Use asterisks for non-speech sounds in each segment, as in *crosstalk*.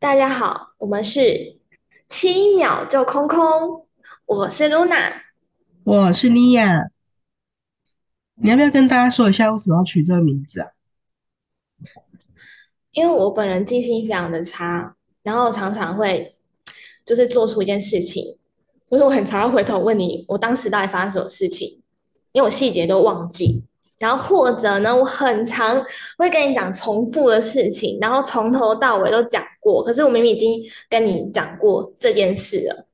大家好，我們是七秒就空空，我是 Luna，我是尼婭。你要不要跟大家說一下為什麼要取這個名字啊？因為我本人記性非常的差，然後常常會就是做出一件事情，就是我很常要回頭問你，我當時到底發生什麼事情，因為我細節都忘記。然後或者呢，我很常會跟你講重複的事情，然後從頭到尾都講過，可是我明明已經跟你講過這件事了。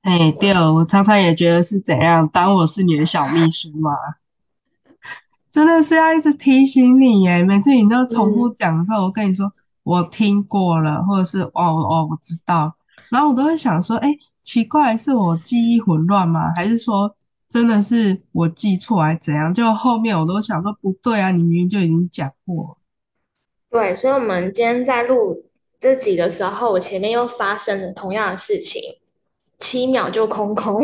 哎、欸，對，我常常也覺得是怎樣，當我是你的小秘書嗎？真的是要一直提醒你耶、欸，每次你都重複講的時候，我跟你說、嗯、我聽過了，或者是哦哦我知道，然後我都會想說，哎、欸，奇怪，是我記憶混亂嗎？還是說？真的是我記錯還是怎樣？就後面我都想說不對啊，你明明就已經講過。對，所以，我們今天在錄這集的時候，我前面又發生了同樣的事情，七秒就空空，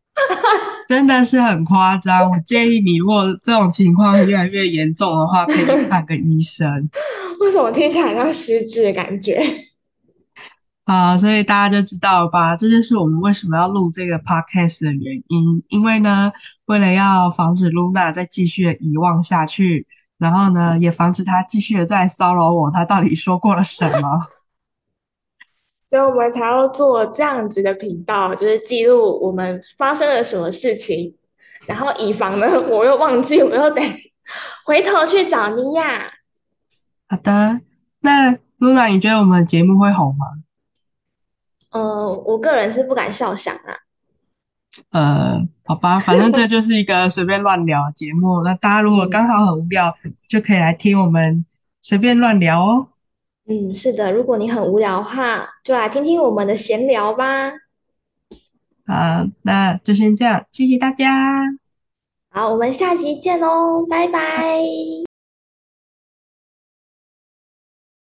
*laughs* 真的是很誇張。我建議你，如果這種情況越來越嚴重的話，可以去看個醫生。為 *laughs* 什麼聽起來像失智的感覺？啊，所以大家就知道了吧，這就是我們為什麼要錄這個 podcast 的原因。因為呢，為了要防止嚕那再繼續的遺忘下去，然後呢，也防止她繼續的再騷擾我，她到底說過了什麼，所 *laughs* 以我們才要做這樣子的頻道，就是記錄我們發生了什麼事情，然後以防呢，我又忘記，我又得回頭去找尼婭。好的，那嚕那，Luna, 你覺得我們的節目會紅嗎？呃，我個人是不敢笑場啊。呃，好吧，反正這就是一個隨便亂聊節目。 *laughs* 那大家如果剛好很無聊，嗯，就可以來聽我們隨便亂聊哦。嗯，是的，如果你很無聊的話，就來聽聽我們的閒聊吧。好，那就先這樣，謝謝大家。好，我們下集見嘍，哦，拜拜。